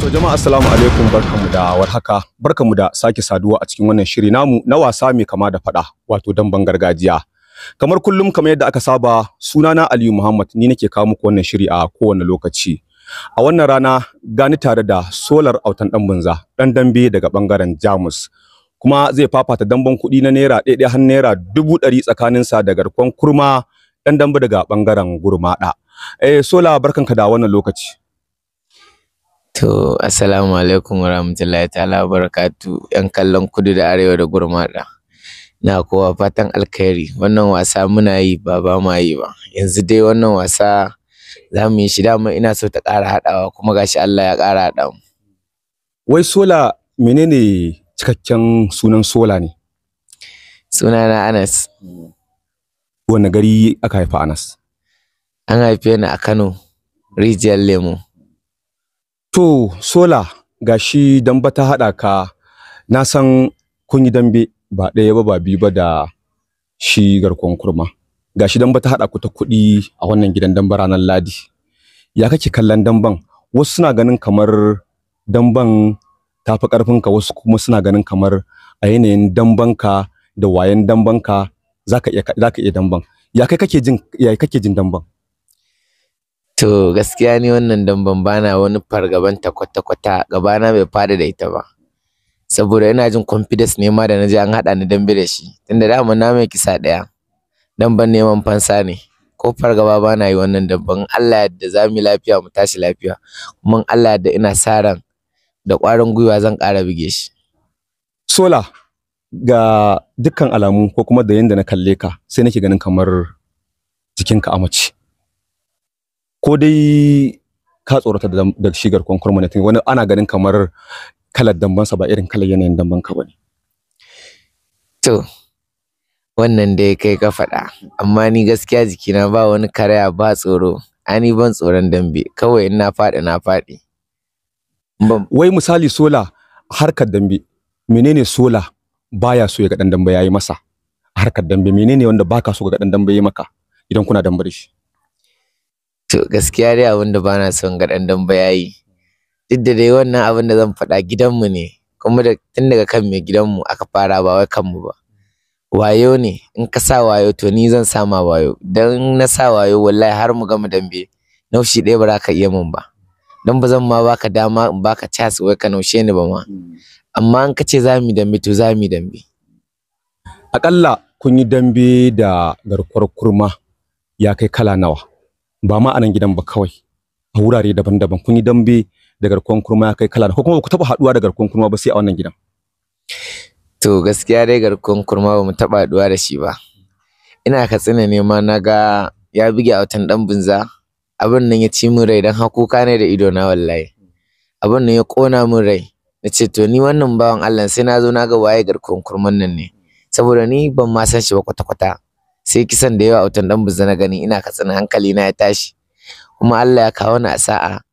To jama'a assalamu alaikum barkamu da warhaka barkamu da sake saduwa a cikin wannan shiri namu na wasa mai kama da fada wato damban gargajiya kamar kullum kamar yadda aka saba sunana Aliyu Muhammad ni nake kawo muku wannan shiri a kowane lokaci a wannan rana gani tare da solar autan dan banza dan dambe daga bangaren Jamus kuma zai fafata damban kuɗi na naira ɗaya har naira dubu ɗari sa da garkon kurma dan dambe daga bangaren gurmada eh sola barkanka da wannan lokaci To, assalamu alaikum wa rahmatullahi ta'ala wa barakatu ‘yan kallon kudu da arewa da gurmaɗa. Na kowa fatan alkhairi, wannan wasa muna yi ba ba ma yi ba. Yanzu dai wannan wasa za mu yi shi dama ina so ta ƙara haɗawa kuma gashi Allah ya ƙara haɗa mu. Wai Sola menene cikakken sunan Sola ne? Sunana Anas. Wanne gari aka haifa Anas? An haife ni a Kano, Rijiyar Lemo. To Sola ga shi damba ta haɗa ka na san kun yi dambe ba ɗaya ba ba biyu ba da shi garkon kurma. Ga shi damba ta haɗa ku ta kuɗi a wannan gidan damba ranar Ladi. Ya kake kallon damban? Wasu suna ganin kamar damban ta fi ƙarfinka wasu kuma suna ganin kamar a yanayin dambanka da wayan dambanka za ka iya damban. Ya kai kake jin damban? To gaskiya ni wannan damben bana wani fargaban ta kwata-kwata gabana bai fada da ita ba. Saboda ina jin confidence ne ma da na an haɗa ni dambe da shi. Tunda dama na mai kisa ɗaya. Damben neman fansa ne. Ko fargaba bana yi wannan damben. Allah yadda za mu lafiya mu tashi lafiya. Kuma Allah yadda ina saran da ƙwarin gwiwa zan ƙara buge shi. Sola ga dukkan alamu ko kuma da yanda na kalle ka sai nake ganin kamar jikinka Amace. ko dai ka tsorata da shigar garkuwan kwarmanatin wani ana ganin kamar kalar dambansa ba irin kalar yanayin dambanka ba ne. to wannan dai kai ka faɗa amma ni gaskiya jikina ba wani karaya ba tsoro ani ban tsoron dambe kawai in na faɗi na faɗi wai misali sola harkar dambe menene sola baya so ya ga dan dambe yi masa harkar dambe menene wanda baka so ga dan dambe yi maka idan kuna dambe da shi To gaskiya dai abin da bana son ga ɗan dambe ya yi. Duk da dai wannan abin da zan faɗa gidanmu ne, kuma da tun daga kan mai gidanmu aka fara ba wai kanmu ba. Wayo ne, in ka sa wayo to ni zan sa ma wayo, don na sa wayo wallahi har mu gama dambe naushi ɗaya ba za ka iya mun ba. Don ba zan ma baka dama in baka cas wai ka naushe ni ba ma. Amma in ka ce za mu dambe to za mu yi dambe. Aƙalla kun yi dambe da garkuwar kurma ya kai kala nawa? ba ma a nan gidan ba kawai a wurare daban-daban kun yi dambe da garkuwan kurma ya kai kala ko kuma ku taba haduwa da garkuwan kurma ba sai a wannan gidan to gaskiya dai garkuwan kurma ba mu taba haduwa da shi ba ina katsina ne ma na ga ya buge a watan dan bunza abin nan ya ci min rai dan hakuka ne da ido na wallahi abin nan ya kona min rai na ce to ni wannan bawan Allah sai na zo na ga waye garkuwan kurman nan ne saboda ni ban ma san shi ba kwata-kwata sai kisan da yawa wutan dan buza gani ina katsin hankali na ya tashi kuma Allah ya kawo ni a sa'a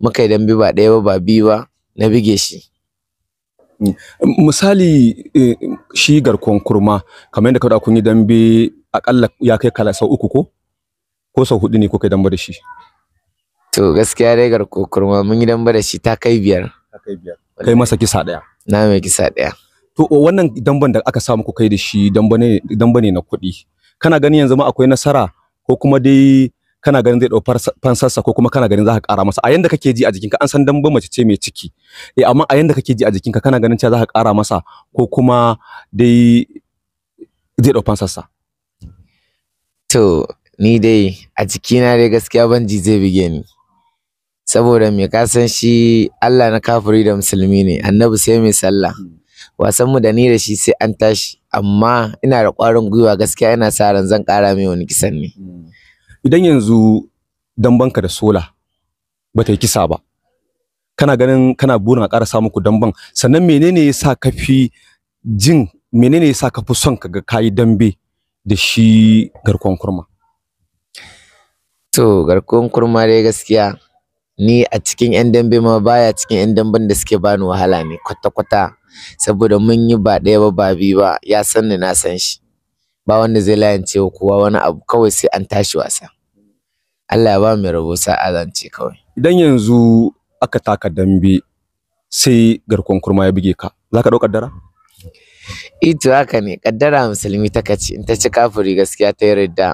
muka yi dambe ba ɗaya ba ba biyu ba na bige shi misali eh, shi garkon kurma kamar yadda kada kun yi dambe akalla ya kai kala sau uku ko ko sau hudu ne ko kai dambe da shi to gaskiya dai garkon kurma mun yi dambe da shi ta kai biyar ta kai biyar kai masa kisa daya na mai kisa daya to wannan damben da aka samu ku kai da shi damba ne na kuɗi kana ganin yanzu ma akwai nasara ko kuma dai kana ganin zai dau fansarsa ko kuma kana ganin za ka ƙara masa a yanda kake ji a jikinka an san dambe mace ce mai ciki eh amma a yanda kake ji a jikinka kana ganin cewa za ka ƙara masa ko kuma dai zai dau fansarsa to ni dai a jikina dai gaskiya banji zai bige ni saboda me ka san shi Allah na kafiri da musulmi ne annabi sai mai sallah wasan mu da ni da shi sai an tashi amma ina da ƙwarin gwiwa gaskiya ina sa ran zan ƙara mai wani kisan ne hmm. idan yanzu dambanka da sola ba ta yi kisa ba kana ganin kana burin a ƙara sa muku damban sannan menene ya sa ka fi jin menene ya sa ka fi son ka ga kayi dambe da shi garkon kurma to garkon kurma dai gaskiya ni a cikin 'yan dambe ma baya cikin 'yan damben da suke bani wahala ne kwata-kwata saboda mun yi ba ɗaya ba ba biyu ba ya san ni na san shi ba wanda zai layance wa kowa wani abu kawai sai an tashi wasa Allah ya ba mu rabo sa'a azance kawai idan yanzu aka taka dambe sai garkon kurma ya buge ka za ka ɗau dara ito eh haka ne kaddara musulmi ta kace in ta ci kafiri gaskiya ta yarda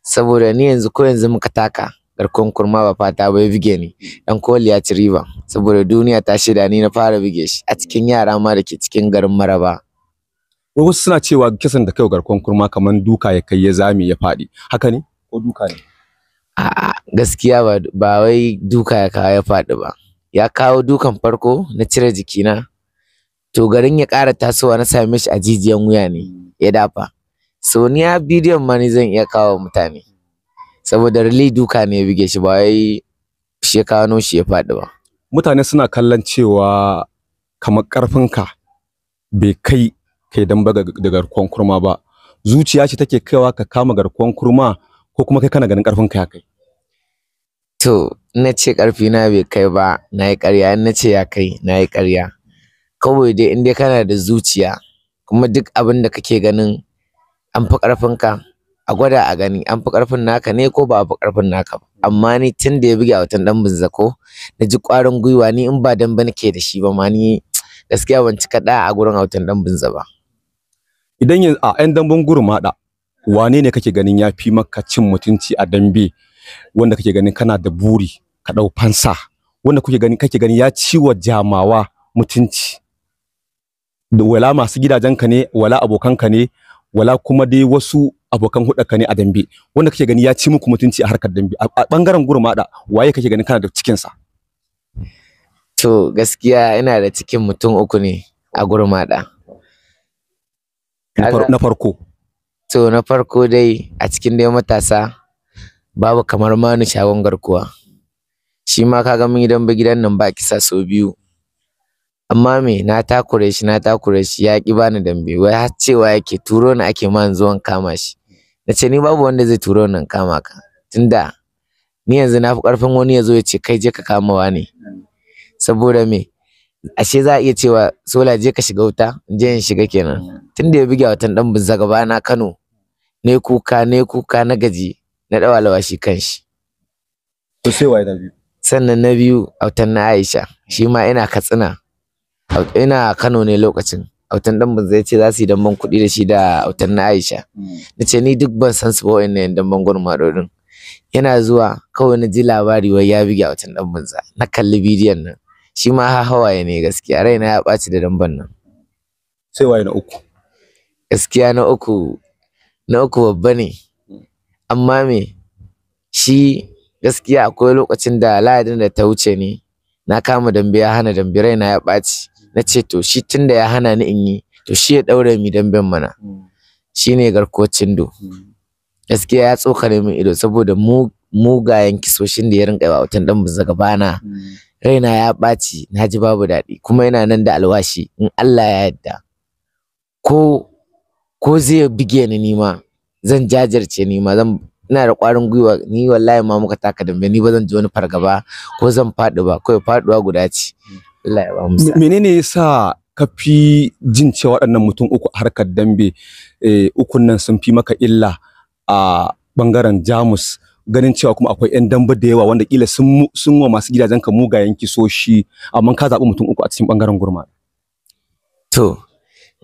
saboda ni yanzu ko yanzu muka taka Garkon kurma ba fata ba ya buge ni. Dan koli ya ci riba saboda duniya ta shida ni na fara buge shi a cikin yara ma da ke cikin garin Maraba. Wasu suna cewa kisan da kai garkon kurma kamar duka ya kai ya zame ya faɗi. Haka ne? duka ne? A'a gaskiya ba ba wai duka ya kawo ya faɗi ba. Ya kawo dukan farko na cire jikina. To garin ya ƙara tasowa na same shi a jijiyan wuya ne ya dafa. So ni bidiyon ma ni zan iya kawo mutane. saboda rili duka ne ya buge shi ba wai shi kano shi ya faɗi ba mutane suna kallon cewa kamar ƙarfinka bai kai kai dan ba da garkuwan kurma ba zuciya ce take kaiwa ka kama garkuwan kurma ko kuma kai kana ganin ƙarfinka ya kai to na ce karfi na bai kai ba na yi ƙarya na ce ya kai na yi ƙarya kawai dai in kana da zuciya kuma duk abin da kake ganin an fi ƙarfinka a gwada a gani an fi ƙarfin naka ne ko ba a fi ƙarfin naka ba mm. amma ni tun da ya buge a watan dan binzako na ji ƙwarin gwiwa ni in ba dan ba nake da shi ba ma ni gaskiya ban cika da a gurin autan dan binza ba idan yanzu a ƴan damben ma wane ne kake ganin ya fi maka cin mutunci a dambe wanda kake ganin kana da buri ka ɗau fansa wanda kuke gani kake gani ya ciwa jamawa mutunci wala masu gidajenka ne wala abokanka ne wala kuma dai wasu abokan hudarka ne a dambe wanda kake gani ya ci muku mutunci a harkar dambe a bangaren gurmada waye kake gani kana da cikin sa to gaskiya ina da cikin mutum uku ne a gurmada na farko to na farko dai a cikin dai matasa babu kamar manu shagon garkuwa shi ma ka ga mun gidan ba gidan nan ba kisa so biyu amma me na takure shi na takure shi ya ki bani dambe wai har cewa yake turo ni ake man zuwan kama shi na ce ni babu wanda zai turo nan kama ka tunda ni yanzu na fi ƙarfin wani ya zo ya ce kai je ka kama wa ne. saboda me ashe za a iya cewa sola je ka shiga wuta je in shiga kenan tunda ya buga watan dan buzza gaba na Kano ne kuka ne kuka na gaji na dawa lawashi kanshi to sai wai da biyu sannan na biyu autan na Aisha shi ma ina Katsina ina Kano ne lokacin autan dan zai ce za su yi ban kuɗi da shi da autan na Aisha hmm. nace ni duk ban san su ba wayannan gurma dorin yana zuwa kawai na ji labari wai ya bige autan dan za na kalli bidiyon nan shi ma ha hawaye ne gaskiya raina ya baci da ban nan sai waye na uku gaskiya na uku na uku babba ne amma me shi gaskiya akwai lokacin da lahadin da ta wuce ne na kama dambe ya hana dambe raina ya baci. na ce to shi tunda ya hana ni in yi to shi ya daure mi damben mana shine garkocin do gaskiya ya tsoka ne min ido saboda mugayen kisoshin da ya rinka yawa wutan dan buza bana raina ya ɓaci na ji babu daɗi kuma yana nan da alwashi in Allah ya yarda ko ko zai bige ni ma zan jajirce ni zan ina da ƙwarin gwiwa ni wallahi ma muka taka dambe ni ba zan ji wani fargaba ko zan faɗi ba kawai faɗuwa guda ci. menene yasa ka fi jin cewa waɗannan mutum uku a harkar dambe eh, ukun nan sun fi maka illa a bangaren jamus ganin cewa kuma akwai 'yan damba da yawa wanda kila sun wa masu gidajen ka mugayen kisoshi amma ka zaɓi mutum uku a cikin bangaren gurma to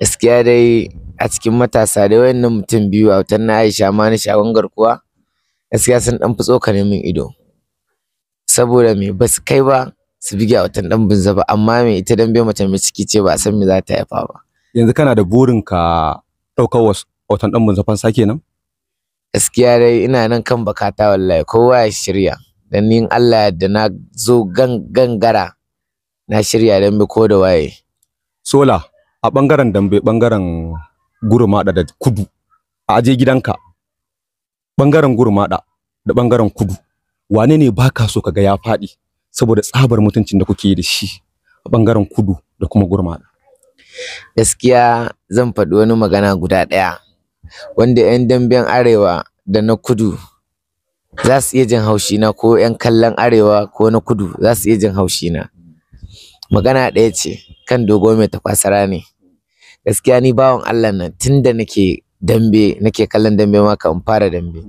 gaskiya dai a cikin matasa da wayannan mutum biyu a wutar na aisha ma na shagon garkuwa gaskiya sun dan fi ne min ido saboda me ba su kai ba su bige a watan dan bunza ba amma me ita dan bai mace mai ciki ce ba san me za ta haifa ba yanzu kana da burin ka daukar watan dan bunza fansa kenan gaskiya dai ina nan kan bakata wallahi kowa ya shirya dan ni Allah da na zo gangara na shirya dan bi ko da waye sola a bangaren dambe bangaren gurmada da kudu a aje gidanka bangaren gurmada da bangaren kudu wane ne baka so kaga ya faɗi saboda tsabar mutuncin da kuke da shi a bangaren kudu da kuma gurma. gaskiya zan faɗi wani magana guda ɗaya wanda 'yan damben arewa da na kudu za su iya jin haushi na ko 'yan kallon arewa ko na kudu za su iya jin haushi na magana ɗaya ce kan dogo mai tafasara ne gaskiya ni bawan Allah nan tunda nake dambe nake kallon dambe maka in fara dambe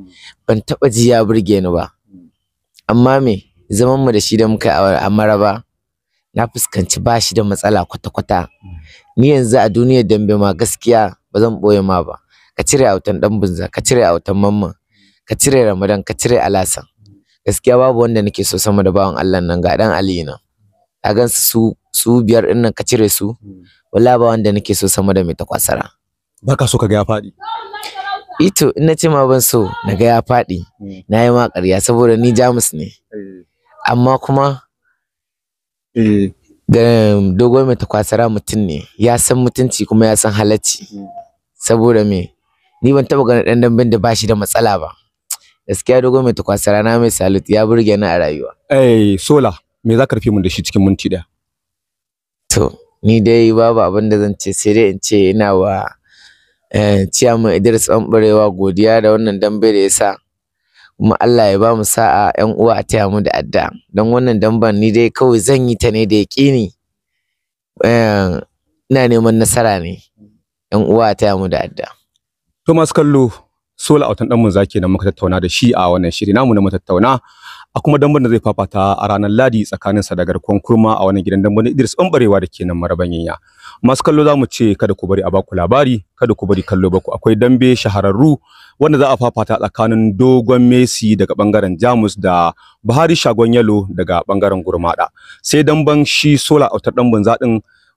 ban taɓa ji ya burge ni ba amma me zaman mu da shi da muka a maraba na fuskanci ba shi da matsala kwata-kwata ni yanzu a duniyar dambe ma gaskiya ba zan boye ma ba ka cire autan dan bunza ka cire autan mamman ka cire ramadan ka cire alasan gaskiya babu wanda nake so sama da bawan Allah nan ga dan Ali nan a gan su su biyar din nan ka cire su wallahi ba wanda nake so sama da mai takwasara baka so kaga ya fadi. ito in ce ma ban so naga ya fadi, hmm. na yi ma ƙarya saboda ni jamus ne eh. amma kuma eh. dogon mai takwasara mutum ne ya san mutunci kuma ya san halacci saboda me ni ban taɓa ganin dan dambin da bashi da matsala ba gaskiya dogon mai takwasara na mai salut ya burge ni a rayuwa eh sola me za ka rufe mun da shi cikin minti ɗaya to ni dai babu abin da zan ce sai dai in ce ina wa eh, ciyaman Idris Ɓanɓarewa godiya da wannan dambe da ya sa kuma Allah ya ba mu sa'a ƴan uwa a taya mu da adda don wannan damban ni dai kawai zan yi ta ne da yaƙini eh, ina neman nasara ne ƴan uwa a taya mu da adda to masu kallo sola autan zake munza kenan muka tattauna da shi a wannan shiri namu na mu tattauna a kuma damban da zai fafata a ranar ladi tsakanin sadagar da garkon kurma a wannan gidan damban Idris Bambarewa da nan maraban yanya masu kallo za mu ce kada ku bari a baku labari kada ku bari kallo baku akwai dambe shahararru wanda za a fafata tsakanin dogon Messi daga bangaren Jamus da Buhari Shagon Yalo daga bangaren Gurmada sai damban shi Sola Autar dan banza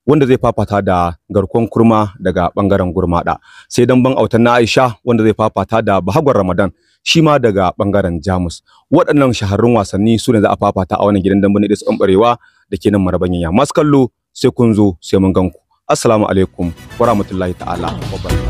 wanda zai fafata da garkon kurma daga bangaren Gurmada sai damban Autar na Aisha wanda zai fafata da Bahagwar Ramadan shi ma daga bangaren Jamus waɗannan shaharrun wasanni su ne za a fafata a wannan gidan dambe ne da su da ke nan marabanyanya masu kallo sai kun zo sai mun ganku assalamu alaikum wa rahmatullahi ta'ala wa